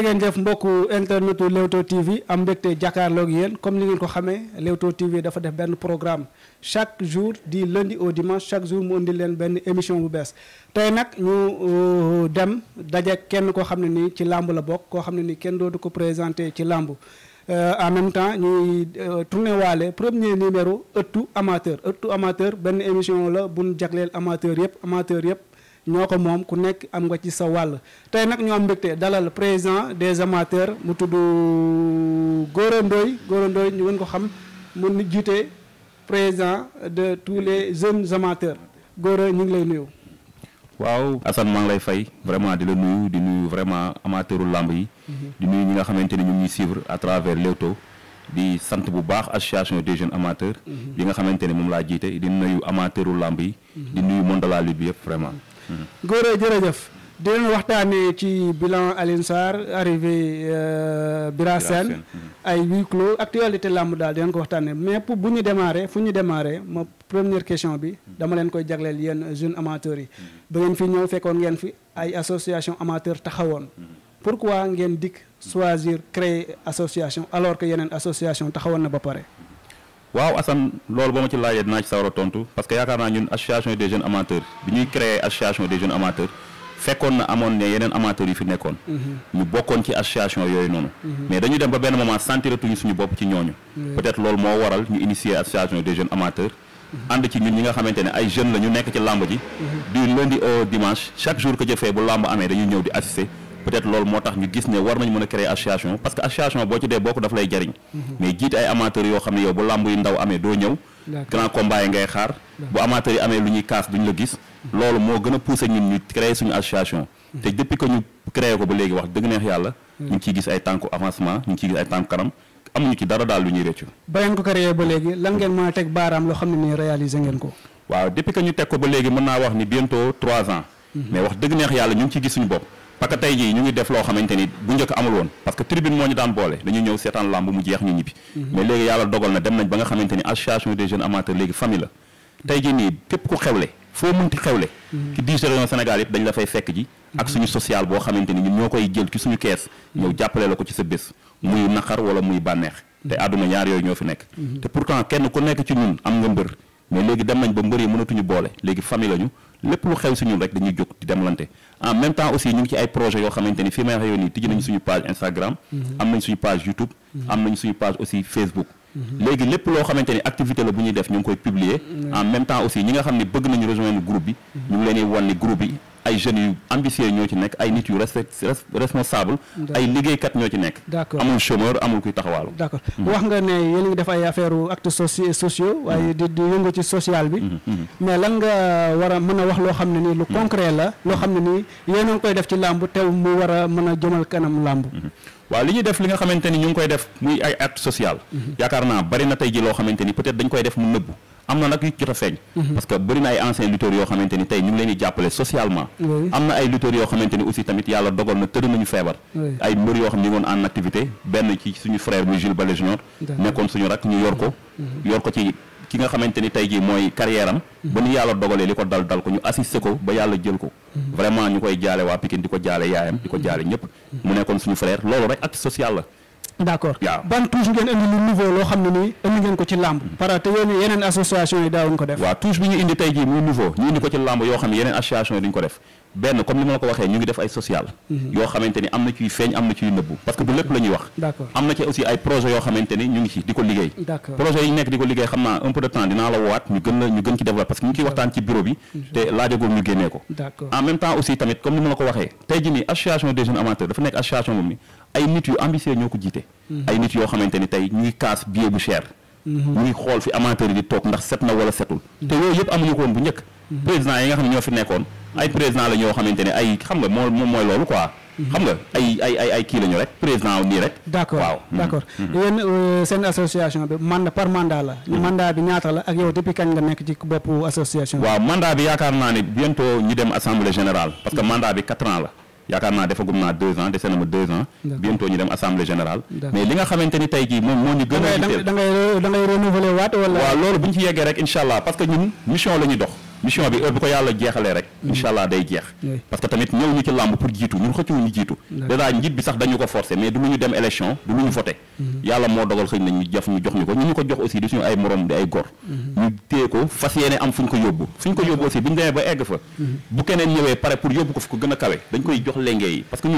jërë ngeen jëf mbokku internetu Leewtoo TV am mbégte jàkkaarloog yéen comme ni ngeen ko xamee Leewtoo TV dafa def benn programme chaque jour di lundi au chaque jour mu indi leen benn émission bu bees tey nag ñu euh, dem daje kenn koo xam ne nii ci làmb la bokk koo xam ne nii kenn du ko présenté ci làmb euh, en même temps ñuy euh, tourné waale premier numéro ëttu amateur ëttu amateur benn émission la buñ jagleel amateur yëpp amateur yëpp ñoo ko moom ku nekk am nga ci sa wàll tey nag ñoo am mbégte dalal président des amateurs mu tudd Gora Ndoye Gora Ndoye ñu ko xam mu jiite président de tous les jeunes amateurs Gora ñu ngi lay nuyu. waaw Assane maa ngi lay fay vraiment di la nuyu di nuyu vraiment amateuru lamb yi. Mhm. di nuyu ñi nga xamante ni ñu ngi suivre à travers Leewtoo di sant bu baax association des jeunes amateurs. Mhm. bi nga xamante ne moom laa jiite di nuyu amateuru lamb yi. Mhm. di nuyu monde de la lutte bi yëpp vraiment. Gora jërëjëf. di leen waxtaanee ci bilan Alioune Sarr arrivé euh, Bira Sène hmm. ay huis clos actualité làmb daal di ko waxtaanee mais pour bu ñu démarrer fu ñu démarrer ma première question bi dama leen koy jagleel yenn jeune amateurs yi. Hmm. ba ngeen fi ñëw fekkoon ngeen fi ay association amateur taxawoon. Hmm. pourquoi ngeen dikk choisir créer association alors que yeneen association taxawoon na ba pare. waaw asan loolu boo ma ci laajee dinaa ci sawar a tontu parce que yaakaar naa ñun association des jeunes amateurs bi ñuy créer association des jeunes amateurs fekkoon na amoon ne yeneen amateurs yi fi nekkoon. Mm-hmm. ñu bokkoon ci association yooyu noonu. Mm-hmm. mais dañu dem ba benn moment sentiratuñu suñu bopp ci ñooñu. Mm-hmm. peut-être loolu moo waral ñu initier association des jeunes amateurs. ànd ci ñun ñi nga xamante ne ay jeunes la ñu nekk ci làmb ji. du lundi au dimanche chaque jour que jëfee amee dañuy ñëw di assister. peut-être moo tax ñu gis ne war nañ mën a créer association parce que association boo ci dee bokk daf lay jariñ mhm. mais ne yow bu làmb yu ndaw amee doo amee lu ñuy kaas duñ la gis mhm. loolu moo gën a poussé ñun ñu créer suñu association mhm. te ko ba léegi wax dëgg neex yàlla ñu ngi ciy gis ay tànku avancement ñu ngi ciy gis ay tànku kanam amuñu ci dara daal lu ñuy réccu ba ngeen ba léegi lan ngeen mën a teg baaraam loo xam ne nii réalisé ngeen ko waaw depuis que ñu teg naa wax ni bientôt trois ans mais wax dëgg neex yàlla ñu ngi ci gis suñu bopp parce que tey jii ñu ngi def loo xamante ni bu njëkk amul woon parce que tribune moo ñu daan boole dañuy ñëw seetaan lamb mu jeex ñu ñibbi mhm. mais léegi yàlla dogal na dem nañ ba nga xamante ni association des jeunes amateurs léegi famille la tey jii nii képp ku xewle foo mënti xewle mhm. ci dix régions Sénégal yëpp dañ la fay fekk ji ak mhm. suñu social boo xamante ni ñun ñoo koy jël ci suñu kees ñëw jàppale la ko ci sa bés muy naqar wala muy bànneex te àdduna ñaar yooyu ñoo fi nekk te pourtant kenn ku nekk ci ñun am nga mbër mais léegi dem nañ ba mbër mënatuñu boole léegi famille lañu lépp lu xew si ñun rek dañuy jóg di demlante en même temps aussi ñu ngi ci ay projets yoo xamante ni fii may waxee yoon nii tijji nañu suñu page Instagram. Mm-hmm. am nañ suñu page YouTube. Mm-hmm. am nañ suñu page aussi Facebook. Mm-hmm. léegi lépp loo xamante ni activité la bu ñuy def ñu ngi koy publier. en même temps aussi ñi nga xam ne bëgg nañu rejoindre groupe bi. ñu ngi leen wan ni groupe bi. ay jeunes yu ambitieux ñoo ci nekk ay nit yu respect responsable ay liggéeykat ñoo ci nekk amul chômeur amul kuy taxawaalu d'accord mm-hmm. wax nga ne yéen a ngi def ay affaire actes soci sociaux mm-hmm. waaye di di yëngu ci social bi mm-hmm. mais lan nga war a mën a wax loo xam ne nii lu concret la loo xam ne nii yéen a koy def ci làmb tew mu war a mën a jëmal kanam làmb waa li ñu def li nga xamante ni ñu ngi koy def muy ay acte social yaakaar naa bari na tey ji loo xamante ni peut-être dañ koy def mu nëbbu am na nag yu jot a feeñ mhm. parce que bëri na ay anciens lutteurs yoo xamante ni tey ñu ngi leen di jàppale socialement am na ay lutteurs yoo xamante ni aussi tamit yàlla dogal na tëdd nañu feebar ay mbër yoo xam ñu ngoon en activité benn ci suñu frère bi Jules Balé nekkoon suñu rak ñu yor ko mhm. Mhm. yor ko ci ki nga xamante ni tey jii mooy carrière ba ñu yàlla dogalee li ko dal dal ko ñu assisté ko ba yàlla jël ko vraiment ñu koy jaale waa Pikine di ko jaale yaayam di ko jaale ñëpp mu nekkoon suñu frère loolu rek acte social la d' accord ban touche ngeen indi lu nouveau loo xam ne nii indi ngeen ko ci làmb mm. parce que yéen yeneen association yi daawuñ ko def waaw touche bi ñu indi tey jii muy nouveau ñu indi ko ci làmb yoo xam ne yeneen association yi duñ ko def benn comme ni ma la ko waxee ñu ngi def ay social mhm. yoo xamante ni am na ciy feeñ am na ciy nëbbu parce que du lépp la ñuy wax am na ci aussi ay projet yoo xamante ni ñu ngi ci di ko liggéey projet yi nekk di ko liggéey xam naa un peu de temps dinaa la woowaat ñu gën la ñu gën ci développer parce que ñu ngi waxtaan ci bureau bi mhm. te laajagul ñu génnee ko en même temps aussi tamit comme ni ma la ko waxee tey ji nii association des jeunes amateurs dafa mhm. na wala setul te yooyu ay président la ñoo xamante ne ay xam nga moo moom mooy loolu quoi. Mhm. xam nga ay kii la rek président nii rek. d' accord waaw mhm. d' mhm. euh, seen association bi mandat par mandat la. mandat bi ñaata la ak yow depuis kañ nga nekk ci boppu association bi. waaw mandat bi yaakaar naa ne bientôt ñu dem assemblée générale. parce que mandat bi quatre ans la. yaakaar naa defagum naa deux ans dese na ma deux ans. bientôt ñu dem assemblée générale. mais li nga xamante ni tey jii moom moo a da ngay da ngay renouveler waat wala. waaw loolu bu ñu ci yeggee rek mission bi heure bu ko yàlla jeexalee rek mm-hmm. incha allah day jeex parce que tamit ñëw ñu ci làmb pour jiitu ñun xëccu ñu jiitu dèjà njiit bi sax dañu ko forcé mais du lu ñu dem élection du lu ñu voté mm-hmm. yàlla moo dogal xëy na ñu jaf ñu jox ñu ko ñu ñu ko jox aussi di suñu ay morom di ay gor mm-hmm. ñu téye ko fas yéene am fu ñu ko yóbbu fu ñu ko yóbbu aussi bi ñu demee ba egg fa bu keneen ñëwee pare pour yóbbu ko fu ko gën a kawe dañ koy jox lengee yi parce que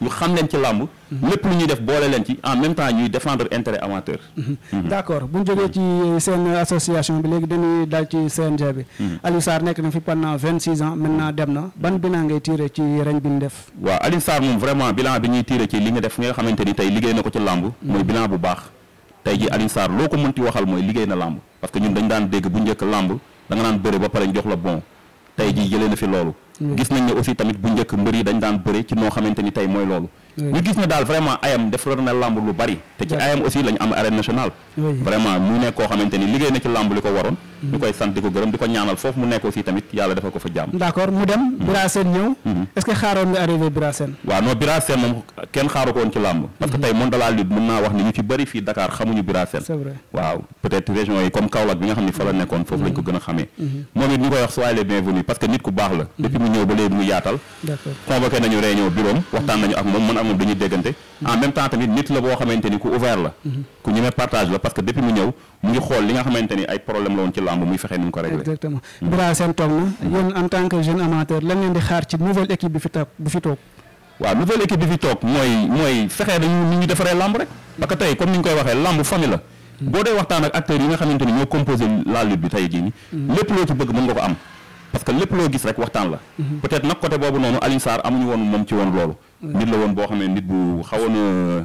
ñu xam leen ci làmb mhm. lépp lu ñuy def boole leen ci en même temps ñuy defendre intérêt amateur mhm. mhm. d' accord bu ñu ci seen association bi léegi dañuy daal ci CNG bi Alioune Sarr nekk na fi pendant vingt six ans maintenant dem na ban bilan ngay tiré ci reñ bi ñu def waaw Alioune Sarr moom vraiment bilan bi ñuy tiré ci li nga def nga xamante ni tey liggéey na ko ci làmb mooy bilan bu baax tey ji Alioune loo ko mënti waxal mooy liggéey na làmb parce que ñun dañ daan dégg bu njëkk làmb da nga naan bëre ba la bon tey ji jëlee na fi loolu Mm. gis nañ ne aussi tamit bu njëkk mbër yi dañ daan bëri ci noo xamante ni tey mooy loolu ñu gis ne daal vraiment ayam def na làmb lu bari te ci ayam aussi lañ am arène nationale vraiment mu nekk koo xamante ni liggéey na ci làmb li ko waroon ñu koy sant di ko gërëm di ko ñaanal foofu mu nekk aussi tamit yàlla dafa ko fa jàmm d'accord mu dem mm-hmm. Bira Sène ñëw mm-hmm. est-ce que xaaroon nga arrivé Bira waaw non Bira moom kenn xaaru ko woon ci làmb parce que mm-hmm. tey it mu ñëw ba léegi mu yaatal convoqué nañu réunion bureau waxtaan nañu ak moom man ak moom dañuy déggante en même temps tamit nit la boo xamante ni ku ouvert la ku ñemee partage la parce que depuis mu ñëw mu ngi xool li nga xamante ni ay problème la woon ci lamb muy fexe ni mu ko réglé. exactement mm. Bira Sène toog na yéen en tant que jeune amateur lan ngeen di xaar ci nouvelle équipe bi fi toog waaw nouvelle équipe bi fi toog mooy mooy fexe na ni ñu defaree lamb rek parce tey comme ni ñu koy waxee lamb famille la. Mm. boo dee waxtaan ak acteurs yi nga xamante ni ñoo composé la lutte bi tey jii nii. Mm. lépp loo ci bëgg mën nga ko am. parce que lépp loo gis rek waxtaan la. Mm-hmm. peut-être nag côté boobu noonu Alioune Sarr woon moom ci woon loolu. nit la boo xam ne nit bu euh,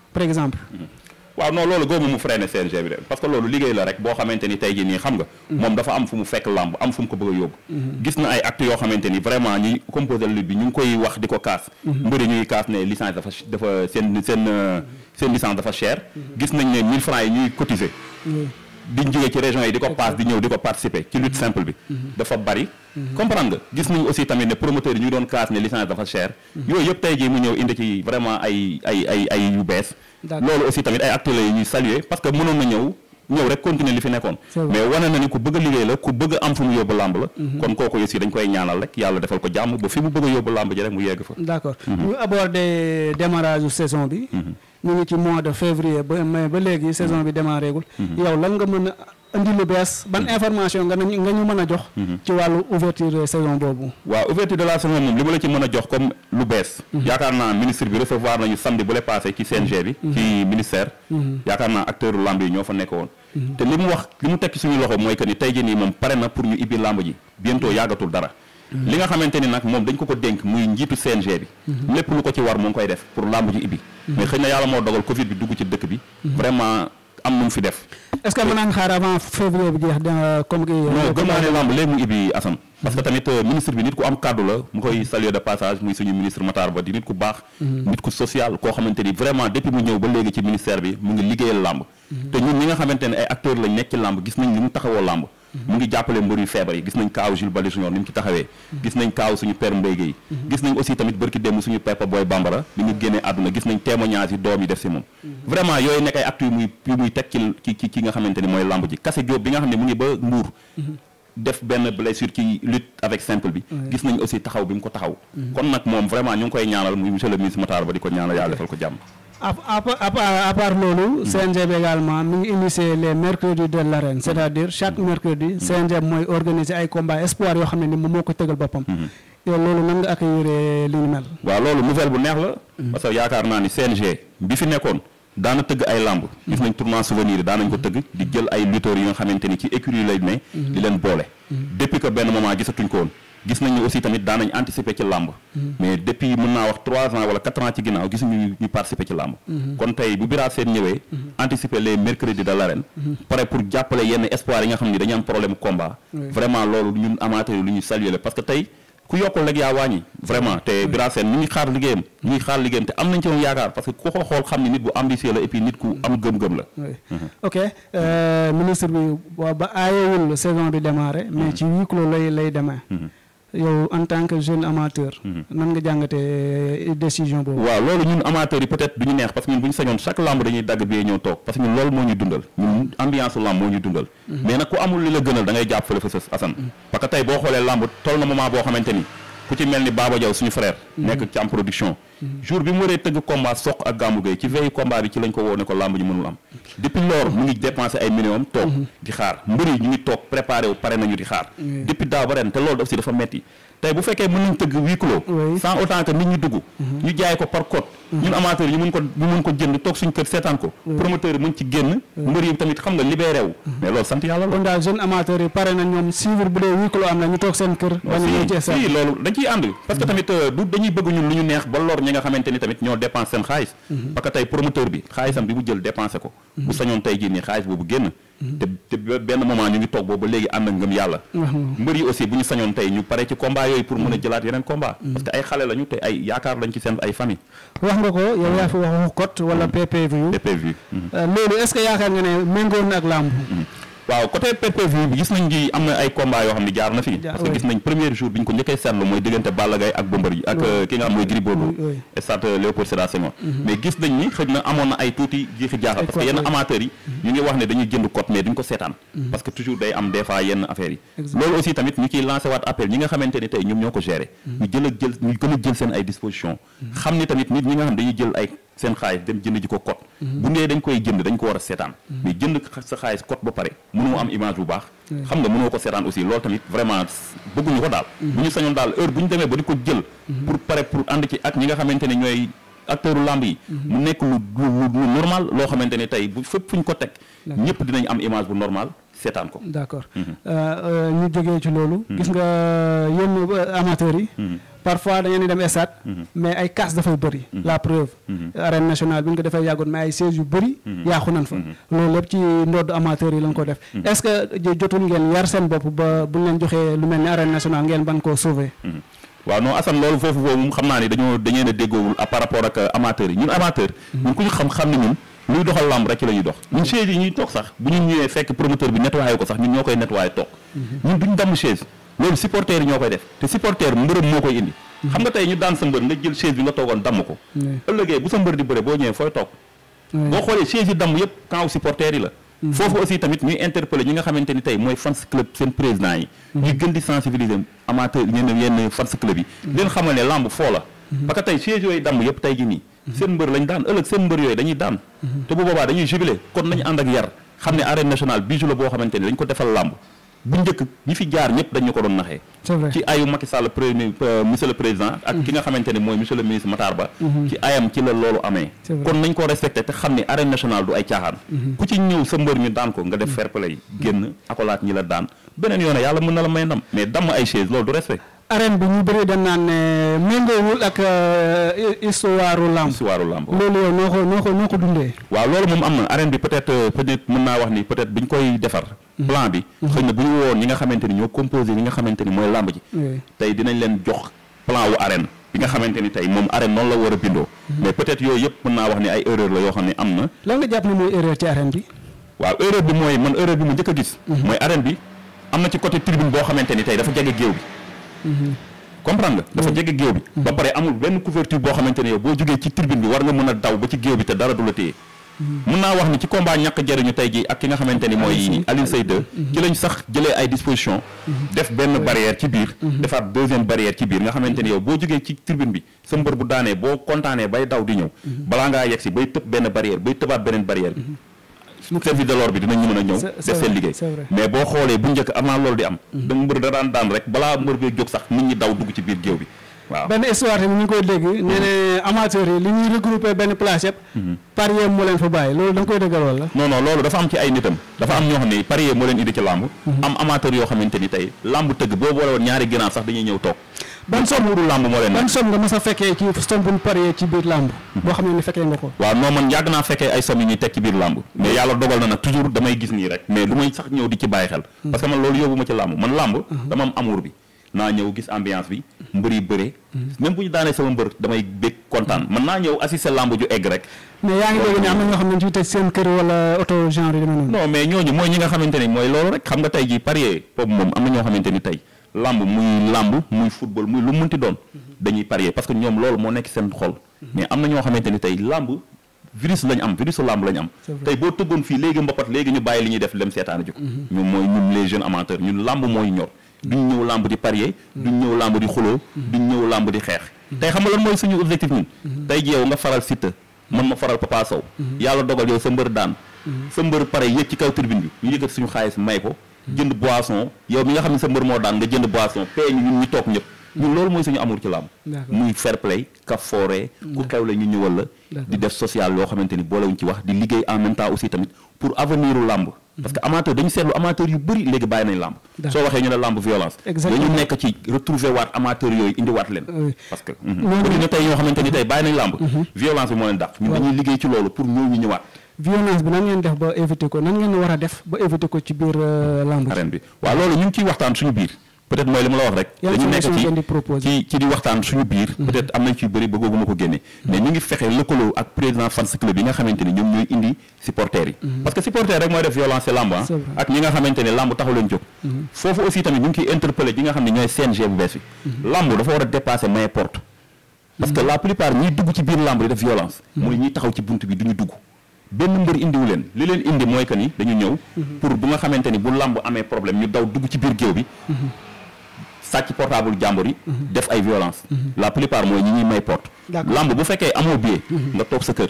par exemple. waaw non loolu góobu mu freiné CNG bi de parce que loolu liggéey la rek boo xamante ni tey jii nii xam nga. moom dafa am fu mu fekk làmb am fu mu ko bëgg yóbbu. gis na ay actes yoo xamante ni vraiment ñi composé lutte bi ñu ngi koy wax di ko kaas. mbëri ñuy kaas ne licence dafa seen seen euh, seen licence dafa cher. gis nañ ne 1000 francs yi ñuy cotiser. diñ jógee ci région yi di ko paas di ñëw di ko participer ci lutte simple bi mhm. Mhm. dafa bari mhm. comprendre nga gis nañu aussi tamit ne promoteur yi ñu doon kaas ne licence dafa cher yooyu yëpp tey saluer parce que mënoon na ñëw ñëw rek continuer li fi nekkoon mais wane na ni ku bëgg a liggéey la ku bëgg a am fu mu yóbbu làmb la kon kooku aussi dañ koy ñaanal rek yàlla defal ko jàmm ba fi mu bëgg yóbbu làmb ji rek mu yegg fa d'accord ñu aborder démarrage saison bi ñu ci mois de février ba mai ba léegi mm-hmm. saison bi démarré gul. Mm-hmm. yow lan nga mën a indi bees. ban mm-hmm. information nga nañ nga ñu mën a jox. ci wàllu ouverture saison boobu. waaw ouverture de la saison moom li ma la ci mën a jox comme lu bees. yaakaar naa ministre bi recevoir nañu samedi bu lay passé ci CNG bi. ci ministère. yaakaar naa acteur lamb yi ñoo fa nekk woon. te li mu wax li mu tekki suñu loxo mooy que ni tey jii nii moom pare na pour ñu ibbi lamb ji bientôt yàggatul dara. li nga xamante ni nag moom dañ ko ko dénk muy njiitu CNG bi mhm. lépp lu ko ci war mu ngi koy def pour làmb ji ibbi mhm. mais xëy na yàlla moo dogal Covid bi dugg ci dëkk bi mhm. vraiment am nu mu fi def est-ce que mën naa xaar avant février bi jeex euh, comme que mu que tamit euh, ministre bi nit ku am kàddu la mu koy saluer koo xamante ni vraiment depuis mu ñëw ba léegi ci bi mu ngi liggéeyal làmb te ñun ñi nga xamante ne ay acteurs lañ nekk ci làmb gis nañ li mu taxawoo làmb mu ngi jàppale mbër yu feebar yi gis nañ kaaw Jules Baldé Junior ni mu ci taxawee gis nañ kaaw suñu père Mbaye Guèye gis nañ aussi tamit bërki suñu Papa Boy Bambara li ñu génnee àdduna gis nañ témoignage yi doom yi def si moom vraiment yooyu nekk ay actes yu teg ci ci ci nga xamante ni mooy lamb ji kase nga xam ne mu ngi ba Mbour def benn blessure ci lutte avec simple bi gis nañ aussi taxaw bi mu ko taxaw mm-hmm. kon nag moom vraiment ñu ngi koy ñaanal muy monsieur le ministre ba di ko ñaanal yàlla defal ko jàmm à part loolu CNG bi également mi ngi initier les mercredis de l'arène c'est-à-dire chaque mercredi mhm. CNG mooy organiser ay combat espoir yoo xam ne ni moom moo ko tëgal boppam yow mhm. loolu nan nga accueillir euh, li ñu mel waa loolu nouvelle bu neex la mhm. parce que yaakaar naa ni CNG bi fi nekkoon daana tëgg ay lamb gis nañ tournoi souvenir yi daanañ ko tëgg di jël ay lutteurs yi nga xamante ni ci écurie lay ne di leen boole depuis que benn moment gisatuñ ko woon gis nañu aussi tamit daan nañ anticiper ci làmb mm-hmm. mais depuis mën naa wax trois ans wala quatre ans ci ginnaaw gisuñu ñu participer ci làmb mm-hmm. kon tey bu Bira Sène ñëwee mm-hmm. anticiper les mercredis de l'arène pare pour jàppale yenn espoir yi nga xam ni dañu am problème combat vraiment loolu ñun amateur lu ñu saluer parce que tey ku yokkul rek yaa wàññi vraiment te Bira Sène ñu ngi xaar liggéeyam ñu ngi xaar liggéeyam te am nañ ci moom yaakaar parce que euh, ba aayewul bi démarré mais yow en tant que jeune amateur. Mhm. nan nga jàngatee euh, décision boobu. waaw loolu ñun amateurs yi peut-être du ñu neex parce que ñun bu ñu sañoon chaque lamb dañuy dagg bee ñëw toog parce que ñun loolu moo ñu dundal ñun ambiance lamb moo ñu dundal. Mhm. mais nag ku amul li la gënal da ngay jàpp fële fa sës Assane. Mhm. parce que tey boo xoolee lamb toll na moment boo xamante ni. ku ci mel ni Baba Diaw suñu frère. Mm-hmm. nekk ci am mm-hmm. jour bi mu waree tëgg combat soq ak Gamou Gueye ci veille combat bi ci lañ ko woo ne ko làmb ji mënul am. depuis lors mu ngi dépensé ay minimum toog mm-hmm. di xaar mbir yi ñu ngi toog préparé wu pare nañu di xaar. depuis daaw ba ren te loolu daf si dafa metti tey bu fekkee mën nañ tëgg huis clos sans autant que nit ñi dugg mhm. ñu jaay ko par mhm. ñun amateurs yi ñu mën ko jënd toog suñ kër seetaan ko promoteur yi mën ci génn mbër yi tamit xam nga libéré mhm. mais loolu sant yi na ñoom suivre bu dee huis clos am na seen kër bañ a loolu dañ ànd parce que tamit euh, du dañuy bëgg ñun lu ñu neex ba lor ñi nga xamante ni tamit ñoo dépense seen xaalis parce que promoteur bi xaalisam bi mu jël dépensé ko bu sañoon tey jii nii xaalis boobu génn te te benn moment ñu ngi toog boobu léegi ànd ak ngëm yàlla mbër aussi bu ñu sañoon tey ñu pare ci combat yooyu pour mën a mm. jëlaat yeneen combat mm. parce ay xale lañu te ay yaakaar lañ ci seen ay famille wax nga ko yow yaa fi wax kot wala mm. PPV euh, loolu est yaakaar nga ne méngóor ak làmb waaw côté PPV bi gis nañ ni am na ay combat yoo xam ne jaar na fi. parce que gis nañ premier jour bi ñu ko njëkkee seetlu mooy diggante Balla Gaye ak Bombardier ak ki nga xam euh, mhm. na amoon na ay tuuti jiixi jaaxal parce que yenn amateurs mhm. wax ne dañuy jënd code mais duñ ko seetaan mhm. parce que toujours am des fois yenn affaires yi loolu aussi tamit ñu ciy lancé waat appel a jël ñu seen ay disposition xam ni tamit nit ñi nga dañuy jël ay seen xaalis dem jënd ji ko code bu ndee dañ koy jënd dañ ko war a seetaan mm-hmm. mais jënd sa xaalis code ba pare mënoo am image bu baax xam nga mënoo ko seetaan aussi loolu tamit vraiment bëgguñu ko daal mm-hmm. bu ñu sañoon daal heure bu ñu demee ba di ko jël mm-hmm. pour pare pour ànd ci ak ñi nga xamante ne ñooy acteur u lamb yi mu nekk lu lu normal loo xamante ne tey bu fépp fu ñu ko teg ñëpp dinañ am image bu normal seetaan ko d'accord euh, euh, ñu jógee ci loolu gis nga euh, yéen amateurs yi parfois da ngeen di dem stade mhm. mais ay casse dafay bëri mhm. la preuve mhm. arène nationale bi ñu ko defee yàggoon mais ay sièges yu bëri yaaxu nañ fa loolu lépp ci ndodd amateurs yi lañ ko def est-ce que jotul ngeen yar seen bopp ba bu ñu leen joxee lu mel ni arène nationale ngeen ban koo sauver waaw non Assane loolu foofu boobu moom xam naa ni dañoo dañeen a déggoowul par rapport ak euh, amateurs yi ñun amateur ñun ku ñu xam xam ne ñun luy doxal lamb rek ci la ñuy dox ñun chaise yi ñuy toog sax bu ñu ñëwee fekk promoteur bi nettoyé ko sax ñun ñoo koy nettoyé toog ñun duñ damm chaise loolu supporter yi ñoo koy def te supporter mbërëm moo koy indi xam nga tey ñu daan sa mbër nga jël chaise bi nga toogoon damm ko ëllëgee bu sa mbër di bëre boo ñëwee fooy toog boo xoolee chaise yi damm yëpp camp supporter yi la mm. foofu aussi tamit ñuy interpeller nga xamante ni tey mooy fans club seen président yi mm. ñu gën di sensibiliser amateur ñenn yenn fans club yi mm. leen xamal ne lamb foo la mm-hmm. parce tey chaise yooyu damm yëpp tey gi nii mm-hmm. seen mbër lañ daan ëllëg seen mbër yooyu dañuy daan mm-hmm. te bu boobaa dañuy jubilé kon nañu ànd ak yar xam ne arène nationale boo xamante ni dañ ko defal lamb bu njëkk ñi fi jaar ñëpp dañu ko doon naxee ci ayu Macky Sall premier euh, monsieur le président ak ki nga xamante ne mooy monsieur le ministre Matar Ba mhm. ci ayam ci la loolu amee kon nañ ko respecté te xam ni arène nationale du ay caaxaan mhm. ku ci ñëw sa mbër ñu daan ko nga def mhm. fair play génn akolaat ñi la daan beneen yoon yàlla mën na la may ndam mais damm ay chaise loolu du respect arène bi ñu bëri dañ naan ne euh, méngoowul ak histoire lamb. histoire lamb loolu yow noo ko noo ko dundee. waaw loolu moom am na arène bi peut-être euh, peut-être mën naa wax ni peut-être bi ñu koy defar. Mhm. plan bi. Mhm. xëy na bu ñu woon ñi nga xamante ni ñoo composé ñi nga xamante ni mooy lamb ji. tey dinañ leen jox plan wu arène. bi nga xamante ni tey moom arène noonu la war a bindoo. Mhm. mais peut-être yooyu yëpp mën naa wax ni ay erreur la yoo xam ne am na. lan nga jàpp ne mooy erreur ci arène bi. waaw mooy man erreur bi ma mooy arène bi am na ci côté tribune boo xamante ni tey dafa jege comprendre nga dafa mm-hmm. jege géew bi mm-hmm. ba pare amul benn couverture boo xamante ne yow boo jógee ci tribune bi war nga mën a daw ba ci géew bi te dara du la téye mën mm-hmm. naa wax ni ci combat ñàkk jariñu tey jii ak ki nga xamante ni mooy Alioune Seye 2 ci lañ sax jëlee ay disposition def benn barrière ci biir defaat deuxième barrière ci biir nga xamante ni yow boo jógee ci tribune bi sa mbër bu daanee boo kontaanee bay daw di ñëw balaa ngaa yegg si bay tëb benn barrière bay tëbaat beneen barrière service de l'ordre bi dinañ mën a ñëw def seen liggéey mais boo xoolee bu njëkk avant loolu di am mhm. da da daan nit ñi daw dugg ci yoo xamante ni tey làmb tëgg boo boole woon ñaari ginaar sax dañuy ñëw toog ban som wudul làmb moo leen ban som nga a fekkee ci som buñ paree ci biir làmb hmm. boo xam ne ni fekkee nga ko waaw non man yàgg naa fekkee ay som yi teg ci biir làmb mais may sax ñëw di ci bàyyi xel hmm. parce que man loolu yóbbu ma ci làmb man làmb hmm. dama am amour bi bi mbër yi bëre bu ñu daanee sama mbër damay bég kontaan man naa ñëw assister làmb ju egg rek mais yaa ngi dégg ne am na ñoo xam ne ci tëj seen kër wala auto genre yi demee mooy nga xamante ni mooy loolu rek xam nga tey ji parier boobu moom am na ñoo xamante ni tey làmb muy làmb muy football muy lu mënti doon dañuy parier parce que ñoom loolu moo nekk seen xol mais am na ñoo xamante ni tey lamb virus lañ am virusu lamb lañ am tey boo tëggoon fii léegi mbapat léegi ñu bàyyi li ñuy def dem seetaana jiko mhm. ñun mooy ñun les jeunes amateurs ñun lamb mooy ñor duñ ñëw làmb di parier mhm. ñu ñëw lamb di xuloo mhm. ñu ñëw lamb di xeex tey xam nga lan mooy suñu objectif ñun tey jeew nga faral Siteu mën ma faral Papa Sow yàlla dogal yow sa mbër daan sa mbër pare yëg ci kaw tribune bi ñu yëkkat suñu xaalis may ko jënd boisson yow mi nga xam ne sa mbër moo daan nga jënd boisson paye ñu ñun ñu toog ñëpp ñun loolu mooy suñu amul ci làmb muy fair play ka foore ku xew la ñu ñëwal la di def social yoo xamante ni boolewuñ ci wax di liggéey en même temps aussi tamit pour avenir u làmb mhm. parce que amateur dañu seetlu amateur yu bëri léegi bàyyi nañ làmb soo waxee ñu ne làmb violence dañu nekk ci retrouver waat amateur yooyu indi leen parce que mhm. bëri na tey tey bàyyi nañ violence bi nan ngeen def ba éviter ko a def ba éviter ci biir euh, lamb waxtaan suñu biir peut-être mooy li ma la wax rek dañu nekk ci ci di waxtaan suñu biir mhm. peut-être am na ci bëri bëggoogu mhm. ma mhm. def violence lamb ah ak ñi nga xamante ne lamb taxu leen ne ñooy dafa war a dépasser main porte parce la plupart ñiy dugg ci biir lamb di def violence mooy ñiy taxaw ci bunt bi duñu dugg benn mbër indiwu leen li leen indi mooy que ni dañu ñëw mhm. pour bu nga xamante ni bu làmb amee problème ñu daw dugg ci biir géew bi mhm. sàcc portable jàmbur yi mhm. def ay violence la plupart mooy ñi ñuy may porte làmb bu fekkee amoo billet nga toog sa kër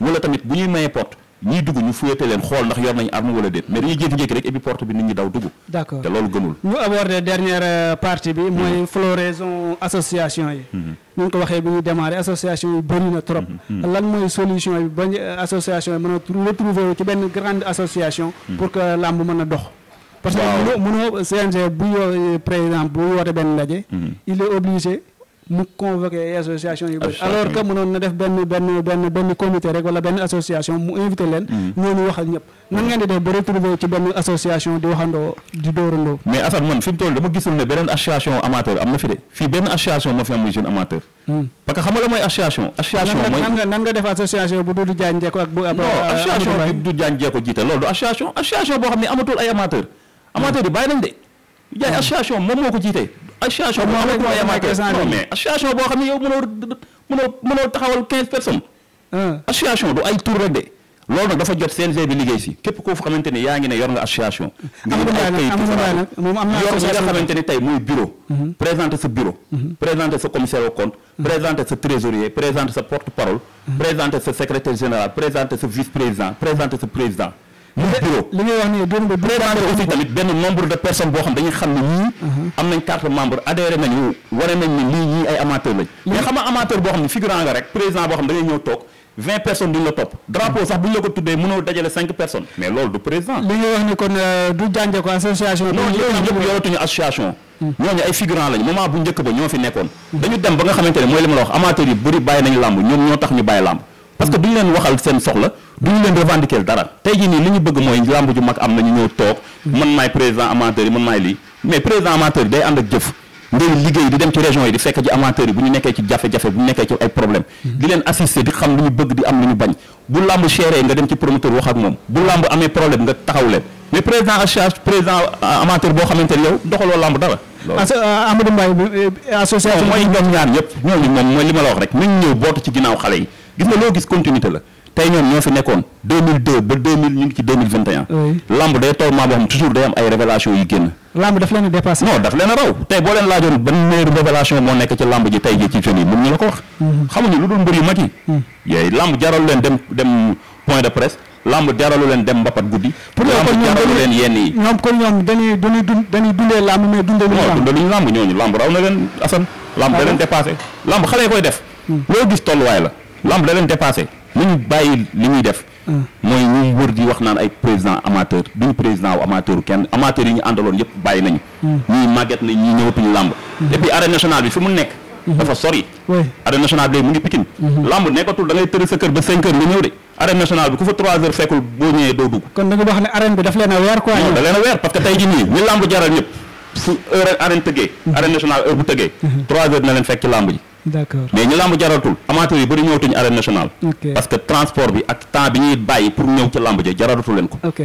wala tamit bu ñuy mayee port ñiy dugg ñu fuyete leen xool ndax yor nañ arme wala déet mais dañuy jékki-jékki rek et puis porte bi nit ñi daw dugg d'accord te loolu gënul ñu aborder dernière euh, partie bi mooy mhm. floraison association yi ñu mhm. ngi ko waxee bi ñu démarré association yi bëri na trop mhm. lan mooy solution yi bañ euh, association yi mën a retrouver wu ci benn grande association pour que làmb mën a dox parce que mënoo CNG bu yo euh, par exemple bu woote benn ndaje il est obligé mu convoqué ay association yu bëri alors que mënoon na def benn benn benn benn comité rek wala benn association mu invité leen mm. ñooñu waxal ñëpp nan ngeen di def ba retrouver ci benn association di waxandoo di dóorandoo mais Assane man fi mu toll dama gisul ne beneen association amateur am na fi de fii benn association ma fi am muy jeune amateur mm. parce que la mooy association association moom moo ko jiite association boo xam ne association boo xam ne yow mënoo mënoo mënoo taxawal quinze personnes ah. association du ay tour rek de loolu nag dafa jot CNG bi liggéey si képp koo xamante ne yaa ngi ne yor nga association moom am na xamante ne tey muy bureau mhm. présenter sa bureau mhm. présenter sa commissaire au compte mhm. présenter sa trésorier présenter sa porte parole présenter sa secrétaire général présenter sa vice président présenter sa président mu bureau li ngay wax nii doon nga présenté aussi tamit benn nombre de personnes boo xam dañuy xam ne ñii mhm. am nañ carte membre adhéré nañu wane nañ ne lii ñii ay amateur lañ mais xam nga amateur boo xam ne figurant nga rek président boo xam da ngay ñëw toog vingt personnes duñ la topp drapeau sax buñ la ko tuddee mënoo dajale cinq personnes mais loolu du président li ngay wax ni kon euh, du jànje ko association non ñooñu ñëpp mhm. ay figurant lañ moment bu njëkk ñoo fi nekkoon dañu dem ba nga xamante ne mooy li ma la tax ñu bàyyi làmb parce que duñu leen waxal seen soxla duñu leen revendiquer dara tey jii nii li ñu bëgg mooy làmb ju mag am na ñu ñëw toog man maay président amateur yi man maay lii mais président amateur yi day ànd ak jëf ngay yi di fekk ji amateur ñu nekkee ci jafe nekkee ci ay problème di leen bëgg am lu ñu bañ bu làmb chéré nga dem ci promoteur wax ak moom bu làmb amee problème nga taxaw leen mais président à charge président euh, xamante ne yow doxaloo làmb euh, euh, mooy ñëpp ñooñu moom mooy li ma la wax rek nañ ñëw bootu ci ginnaaw xale yi gis nga la tey ñoom ñoo fi nekkoon 2002 ba 2000 ñu ngi ci 2021. lamb day toll maa boo xam toujours day am ay révélation mm-hmm. mm-hmm. leen dem dem point de presse. lamb jaralu leen dem mbapat guddi. lamb jaralu leen yenn yi. ñoom kon ñoom dañuy dañuy dund dañuy dundee lamb mais dundee. ñu lamb dundaluñu lamb ñooñu lamb raw na leen asan. lamb da ah leen lamb xale koy def. Mm. loo gis tolluwaay la. lamb da leen dépassé nañu bàyyi li ñuy def ah. mooy ñuy wër di wax naan ay président amateur duñu président wu amateur kenn amateur yi ñu àndaloon yëpp bàyyi nañu ah. ñuy màgget nañ ñuy ñëwatuñu lamb ah. et puis arène nationale bi fi mu nekk mm-hmm. bi léegi mu ngi Pikine mm-hmm. lamb nekkatul da ngay tëri sa kër ba cinq heures nga ñëw de arène nationale bi ku fa trois heures fekkul boo ñëwee doo dugg kon da wax ne arène bi daf leen a weer quoi da leen a weer parce que tey jii nii ñu lamb jaral ñëpp su heure arène tëggee mm-hmm. arène nationale leen fekk lamb ji d'accord mais ñu làmb jaratul amateur yi bëri ñëwatuñu arène nationale. parce que transport bi ak temps bi ñuy bàyyi pour ñëw ci làmb ja jaratu leen ko. ok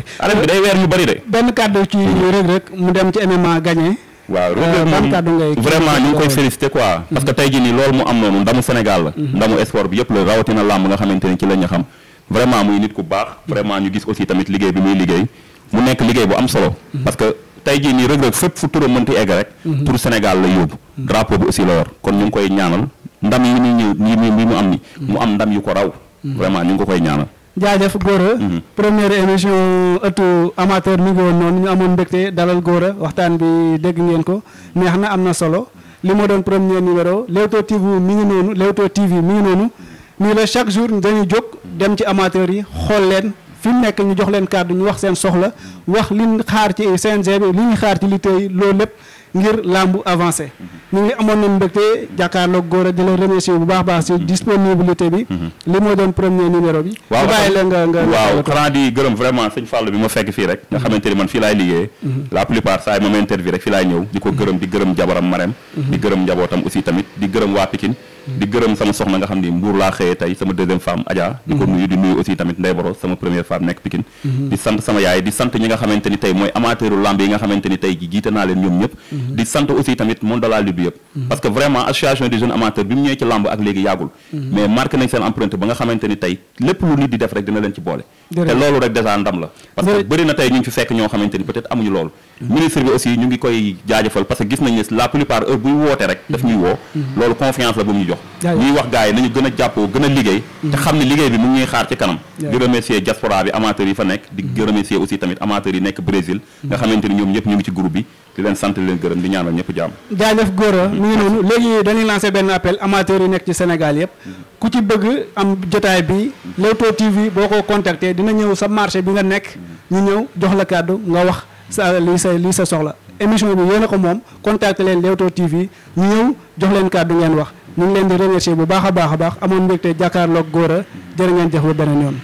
bi day weer ñu bëri de. benn kàddu ci mm-hmm. Reug Reug mu dem ci MMA gagné. waaw Reug euh, Reug moom vraiment koy félicité quoi. Mm-hmm. parce que tey jii nii loolu mu am noonu ndamu Sénégal la. Mm-hmm. ndamu sport bi yëpp la rawatina làmb nga xamante ne ci la xam vraiment muy nit ku baax. vraiment ñu gis aussi tamit liggéey bi muy liggéey mu nekk liggéey tey jii nii Reug Reug fépp fu turam mënti egg rek mhm. pour Sénégal la yóbbu mhm. drapeau bi aussi la yor kon ñu ngi koy ñaanal ndam yi muy ñëw yi mu am ni mu mhm. am ndam yu ko raw vraiment ñu ngi ko koy ñaanal jaajëf Gora première émission ëttu amateur mi ngi woon noonu ñu amoon mbégte dalal Gora waxtaan bi dégg ngeen ko neex na am na solo li moo doon premier numéro Leewtoo TV mi ngi noonu Leewtoo TV mi ngi noonu nii la chaque jour dañuy jóg dem ci amateur yi xool leen fi mu nekk ñu jox leen kàddu ñu wax seen soxla wax liñ xaar ci CNG bi li ñuy xaar ci lutte yi loolu lépp ngir làmbu avancé ñu ngi amoon nañ mbégte jàkkaarloog góor a di la remercier bu baax baax si mhm. disponibilité bi mhm. li moo doon premier numéro bi waaw bàyyi la nga nga waaw xanaa di gërëm vraiment sëñ Fallou bi ma fekk fii rek nga mhm. xamante ni man fii laay liggéey la plupart saa yi ma ma interview rek fii laay ñëw di ko gërëm di gërëm jabaram Marème di gërëm njabootam aussi tamit di gërëm waa Pikine di gërëm sama soxna nga xam ni mbuur laa xëyee tey sama deuxième femme Adja di ko mm-hmm. nuyu di nuyu aussi tamit Ndey Boro sama première femme nekk Pikine mm-hmm. di sant sama yaay di sant ñi nga xamante ni mooy amateuru lamb yi nga xamante ni jiite naa leen ñoom ñëpp mm-hmm. di sant aussi tamit monde de la lutte parce que vraiment association des jeunes amateurs bi mu ñëwee ci lamb ak léegi yàggul mais marqué nañ seen empreinte ba nga xamante ni lépp lu nit di def jox ñuy wax gars yi nañu gën a jàppoo gën a liggéey mm-hmm. te xam ne liggéey bi mu ngi xaar ci kanam di remercier diaspora bi amateurs yi fa nekk di mm-hmm. remercier aussi tamit amateurs yi nekk Brésil nga mm-hmm. xamante ni ñoom ñëpp ñu ngi ci groupe bi di leen sant leen gërëm di ñaanal ñëpp jàmm jaajëf Gora mu ngi noonu léegi dañuy lancer benn appel amateurs yi nekk ci Sénégal yëpp ku ci bëgg am jotaay bi Leewtoo TV boo ko contacté dina ñëw sa marché bi nga nekk ñu ñëw jox la kàddu nga wax sa lii sa lii sa soxla émission bi yéen a ko moom contacté leen Leewtoo TV ñu ñëw jox leen wax ñu ngi leen di remercier bu baax a baax a baax amoon mbégte jàkkaarloog góor a jërë ngeen jëf ba beneen yoon